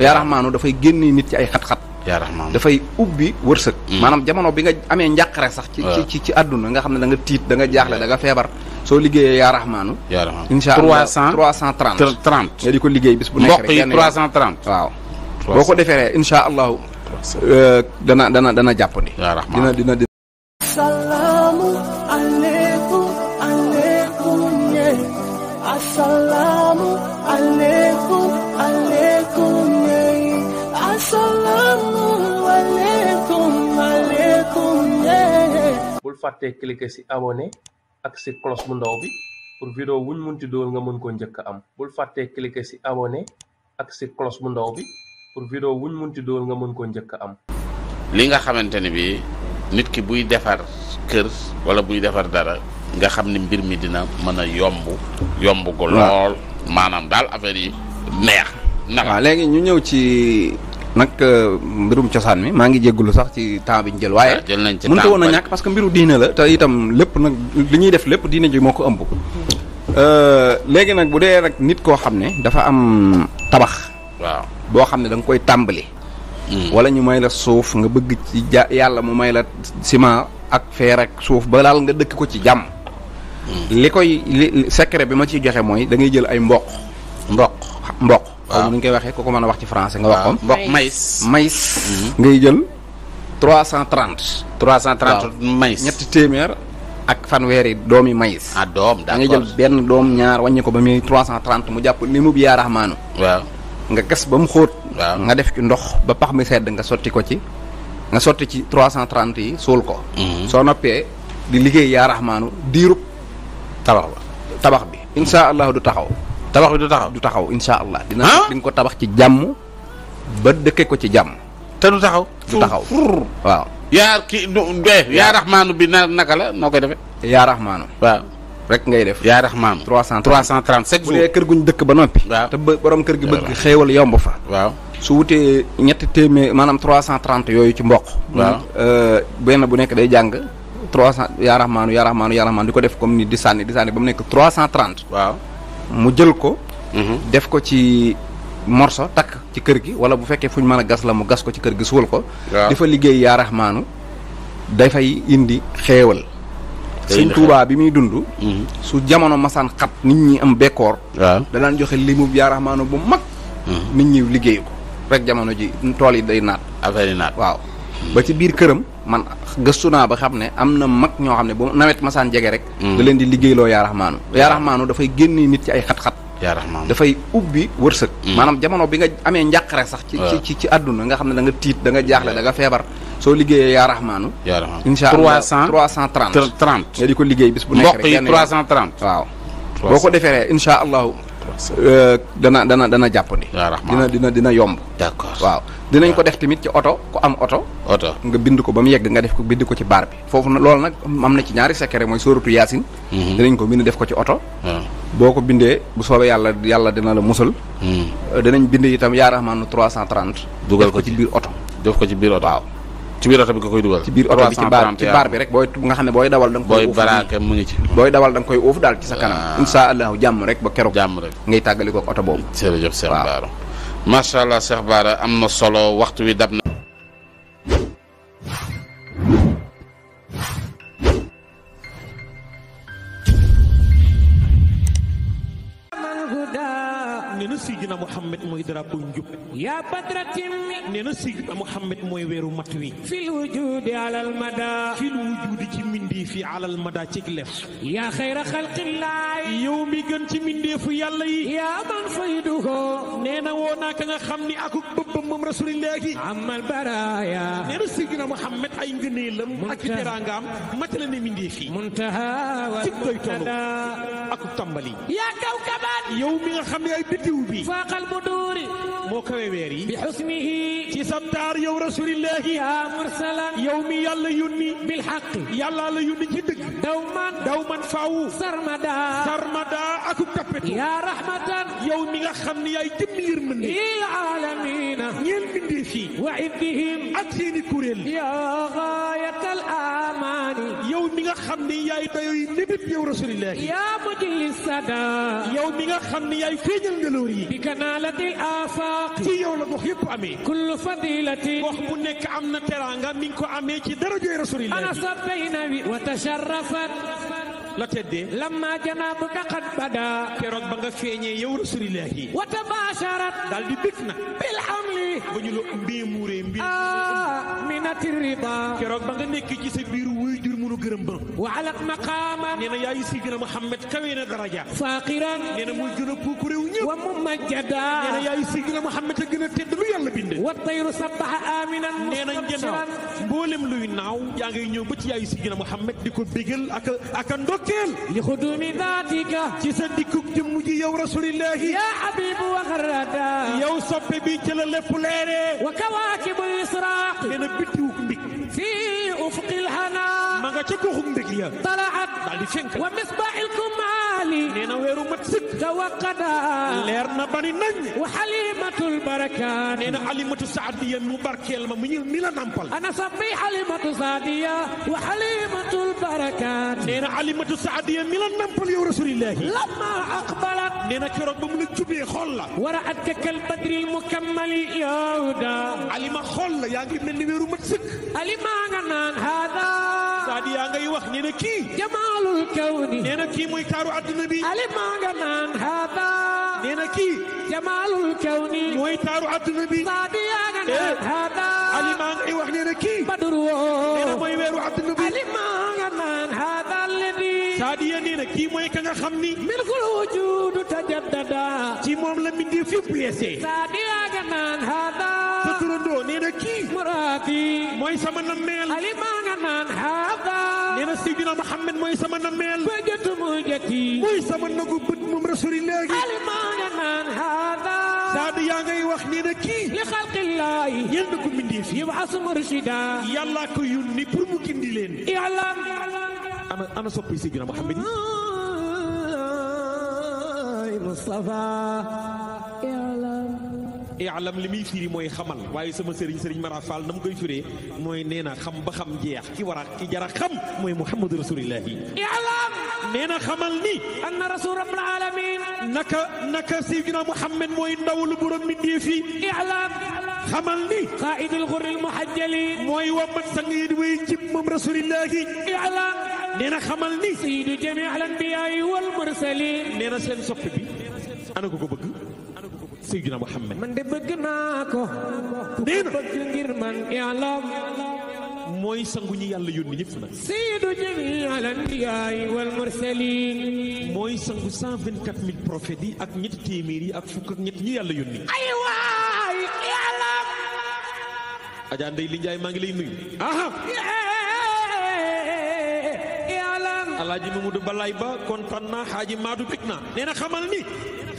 ya yaa da fay génne nit ci ay khat khat ya yaa da fay ubbi wërsëg manam hmm. jamono bi nga amee njàqare sax ci ci ci aduna nga xamné da nga tiit da nga jaxlé da nga fébar so liggéey ya raxmaanu ya raxmaanu insha allah 330 30 nga diko liggéey bis bu nek rek mbokk 330 waaw boko déféré defee insha allahu euh, dana dana dana jàppandi ya raxmaanu dina dina salaamu aleykum bul fàtte cliquer si abonné ak si cloche bu ndaw bi pour vidéo wuñ munti dool nga mën ko njëkk am bul fàtte cliquer si abonné ak si cloche bu ndaw bi pour vidéo wuñ munti dool nga mën ko njëkk am li nga xamanteni bi nit ki buy defar kër wala buy defar dara nga xam ni mbir mi dina mën a yomb yomb ko lool maanaam daal affaire yi neex na léegi ñu ñëw ci nag euh, mbirum cosaan mi maa ngi jéggulu sax ci temps bi ñu jël waaye ah, mënta woon a ñàkk parce que mbiru diine la te itam lépp nag li ñuy def lépp diine ji moo ko ëmb euh, léegi nag bu dee rek nit koo xam ne dafa am tabax waaw boo xam ne da nga koy tàmbali hmm. wala ñu may la suuf nga bëgg ci ja yàlla mu may la ciment ak feer ak suuf ba daal nga dëkk ko ci jàmm hmm. li koy li bi ma ciy joxee mooy da ngay jël ay mboq mboq mboq waaw nu ñu koy waxee ku ko mën a wax ci français nga wax ko. mboq maïs maïs. ngay jël trois cent trente. trois cent trente maïs ñetti téeméer. ak fanweeri doomi maïs. ah doom da ngay jël benn doom ñaar wàññi ko ba muy trois cent trente mu jàpp li mu bi yaa raxmaanu. waaw nga gas ba mu xóot. waaw nga def ci ndox ba pax mi sedd nga ko ci. nga ci yi ko. Mhm. di liggéey yaa Rahmanu diirub tabax ba tabax bi. incha allah du taxaw tabax bi du taxaw du taxaw inshallah dina di ko tabax ci jàmm ba dëkke ko ci jàmm te du taxaw du taxaw waaw ya ki eh ya rahman bi naka la nokoy koy ya rahman waaw rek ngay def ya rahman 300 337 bu ne keur guñ dëkk ba nopi te borom keur gi bëgg xéewal yomb fa waaw su wuté ñett témé manam 330 yoyu ci mbokk waaw euh benn bu nekk day jang 300 ya rahman ya rahman ya rahman diko def comme ni di sanni di sanni bam mu nekk 330 waaw mu jël ko. Mhm. def ko ci morso takk ci kër gi wala bu fekkee fu ñu mën a gas la mu gas ko ci kër gi suul ko. di fa liggéey yaa raxmaanu dafay indi xeewal. sëñ Tuubaa bi muy dund. Mhm. su jamono masaan xat nit ñi am bekkoor. waaw joxe limub yaa raxmaanu bu mag. Mhm. nit ñi liggéey ko rek jamono ji tool yi day naat. affaire naat waaw. ba ci biir këram man gëstu naa ba xam ne am na mag ñoo xam ne bu nawet masaan jege rek mm. da leen di liggéeyloo yaa raxmaanu yaa raxmaanu dafay génnee nit ci ay xat-xat yaa raxmaanu dafay ubbi wërsëg mm. maanaam jamono bi nga amee njàqare sax ci ci ci àdduna nga xam ne da nga tiit da nga jaaxle da nga feebar soo liggéeyee yaa raxmaanu yaa raxmaanu incha allah 330 30 nga di ko liggéey bis bu nekk rek mbokk yi 330 waaw boo ko defee incha allahu dana dana dana jàppandi. dina dina dina yomb. d'accord waaw dinañ ko def tamit ci oto ku am oto. oto nga bind ko ba mu yegg nga def ko bind ko ci baar bi. foofu na loolu nag am na ci ñaari secret mooy sóoratu yaasin. Mhm. dinañ ko bind def ko ci oto. boo ko bindee bu soobee yàlla yàlla dina la musal. Mhm. dinañ bind itam yaa rahmaanu 330. dugal ko ci biir oto. def ko ci biir oto ci biir oto bi nga koy dugal. ci biir oto bi ci baar bi rek booy nga xam ne booy dawal da koy. uuf daal ci sa kanam. Ah. insha allahu jàmm rek ba keroog. jàmm rek oto boobu. jërëjëf Cheikh allah Cheikh Bara am na solo waxtu wi dab na na Muhammad mooy drapeau njub. yaa badratin nee na Seydina mooy weeru mat wi. fil wujudi alal mada. fil wujudi ci mbindeef yi alal mada ci lef. yaa xayra xalqillaay. yow mi gën ci mbindeefu yàlla yi. yaa man fayduhu. nee na woo naa ka nga xam ni akuk bëbbam moom rasulillahi. amal baraaya. nee na Seydina ay ngëneelam. ak teraangaam matale na mbindeef yi. muntaha wa muntada. ak tàmbali. yaa kaw يوم خمي اي بديوبي فاق المدور موكو ويري بحسنه في سمدار يوم رسول الله يا مرسلا يومي يلا يوني بالحق يلا لا يوني جدك دوما دوما فاو سرمدا سرمدا اكو كبتو يا رحمة يوم خمي اي دمير مني للعالمين نيل من ديفي وعدهم اتيني كوريل يا غايه الأرض yow mi nga xam ni yaay dayoo yi lépp yow rasulillah. yaa mujjli sada. yow mi nga xam ni yaay feeñal ngelaw yi. bi kanaalati afaaq. ci yow la gox yëpp amee. kullu fadilati. gox bu nekk am na teraanga mi ngi ko amee ci dara jooy rasulillah. ana sa bayna wi wa tasharrafat la teddee. lamma janaabu daqat bada. keroog ba nga feeñee yow rasulillah yi. wa tabaasharat. daal di bég na. bil hamli. ba ñu la mbee muuree mbir. ah minati riba. keroog ba nga nekk ci sa biir wuy nu gërëm ba waalak maqaama nee na yaayu sidina Muhammad kawe na daraja faaqiran nee na muy gën a puuku réew ñëpp wa mu majjada nee na yaayu sidina Muhammad a gën a tedd lu yàlla bind wa tayru sabaha aminan nee na njënaaw mboolem luy naaw yaa ngay ñëw ba ci yaayu sidina Muhammad di ko bégal ak ak a ndokkeel li xudumi daatika ci sa dikkuk jëmm ji yow rasulillahi yaa habibu wa xarada yow soppe bi ci la lépp leere wa kawaakibul isra nee na bitiwuk mbig fii nga ca goxu mbég ya talaat daal di fenk wa misbaahil kumaali nee na weeru mat sëkk tawaqada leer na bani nañ wa xalimatul baraka nee na alimatu saadiya mu barkeel ma mu ñil mi la nampal ana safi alimatu saadiya wa xalimatul baraka nee na alimatu saadiya mi la nampal yow rasulillahi lama aqbalat nee na keroog ba mu la jubee xool la wara at ka kal badril mukammali yawda alima xool la yaa ngi mel ni weeru mat sëkk alima nga naan hada saadiya ngay wax nee a kii jamaalul kawni nee a kii mooy taaru adduna bi ali maa nga naan haada nee na kii jamaalul kawni mooy taaru adduna bi saadiya nga eh. naan haada ali maa ngay nga naan haada alladi saadiya kii mooy ka nga xam ni milkul wujudu tajaddada ci moom la mindee fépp yeesee saadiya nga naan haada turandoo nee na kii muraati mooy sama nammeel ali maa nga naan haada nee na Seydina Muhammad mooy sama nammeel bëjët mu jëkki mooy sama nagu bët moom rasuli léegi ali maa nga naan haada saad yaa ngay wax nee na kii li xalqillaahi ñeen na ko mbindee fi yub'asu murshida yàllaa ko yónni pour mu gindi leen yàlla ana ana soppi Seydina Muhammad yi Mustafa yaalam li muy firi mooy xamal waaye sama sëriñ sëriñ Mara Fall na mu koy firee mooy nee na xam ba xam jeex ki war a ki jara xam mooy Muhammadu Rasulillahi yaalam nee na xamal ni anna rasul rabbil alamin naka naka sayyidina Muhammad mooy ndaw lu borom mbindeef yi yaalam xamal ni qaidul xurril muhajjali mooy wambat sang yi di way jib moom Rasulillahi yaalam nee na xamal ni sayyidu jami al anbiyaai wal mursalin nee na seen sopp bi ana ko ko bëgg Seydina Muhammad man de bëgg naa ko nee na bëgg ngir man yàlla ya mooy sangu ñi yàlla yónni ñëpp nag sayyidu jami al wal mursalin moy sangu cent vingt quatre mille prophètes yi ak ñetti téeméer yi ak fukk ak ñett ñi yàlla yónni ay waay yàlla ya Adja Ndeye Li Ndiaye maa ngi lay nuyu aha yàlla ya alaaji Mamadou Balaay ba kontaan naa xaaji Maadu bég naa xamal ni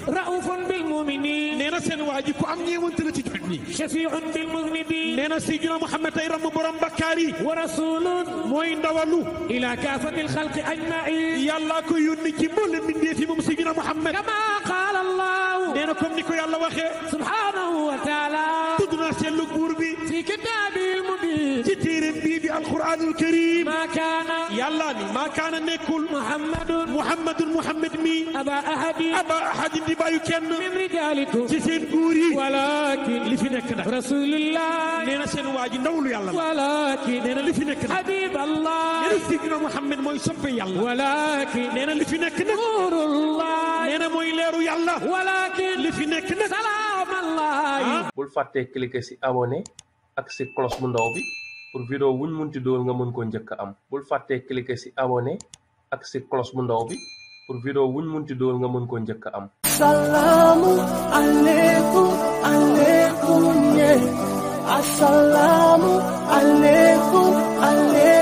رؤوف بالمؤمنين نينا سين واجي كو ام نيمون تلا تجوني شفيع بالمذنبين نينا سيجنا محمد اي رم برام بكاري ورسول موي ندوالو الى كافه الخلق اجمعين يلا كو يوني كي مول من دي في محمد كما قال الله نينا كوم نيكو يالا واخي سبحانه وتعالى تدنا سي لو كتاب المبين تتيرم بي دي القرآن الكريم ما كان يلا مي ما كان نقول محمد محمد محمد مي أبا أحد أبا أحد دي بايو كن من رجالكم تسين قوري ولكن لفي نكنا رسول الله نينا سين واجي نولو يلا ولكن نينا لفي نكنا حبيب الله نينا سيدنا محمد مو يصف يلا ولكن نينا لفي نكنا نور الله نينا مو يليرو يلا ولكن لفي نكنا سلام الله bul fàtte cliquer ci ak ci cloche bu ndaw bi pour vidéo wuñ munti dool nga mën ko ñëk am bul faté cliquer ci abonné ak ci cloche bu ndaw bi pour vidéo wuñ munti dool nga mën ko ñëk am salaamu alaykum alaykum ye asalaamu alaykum alaykum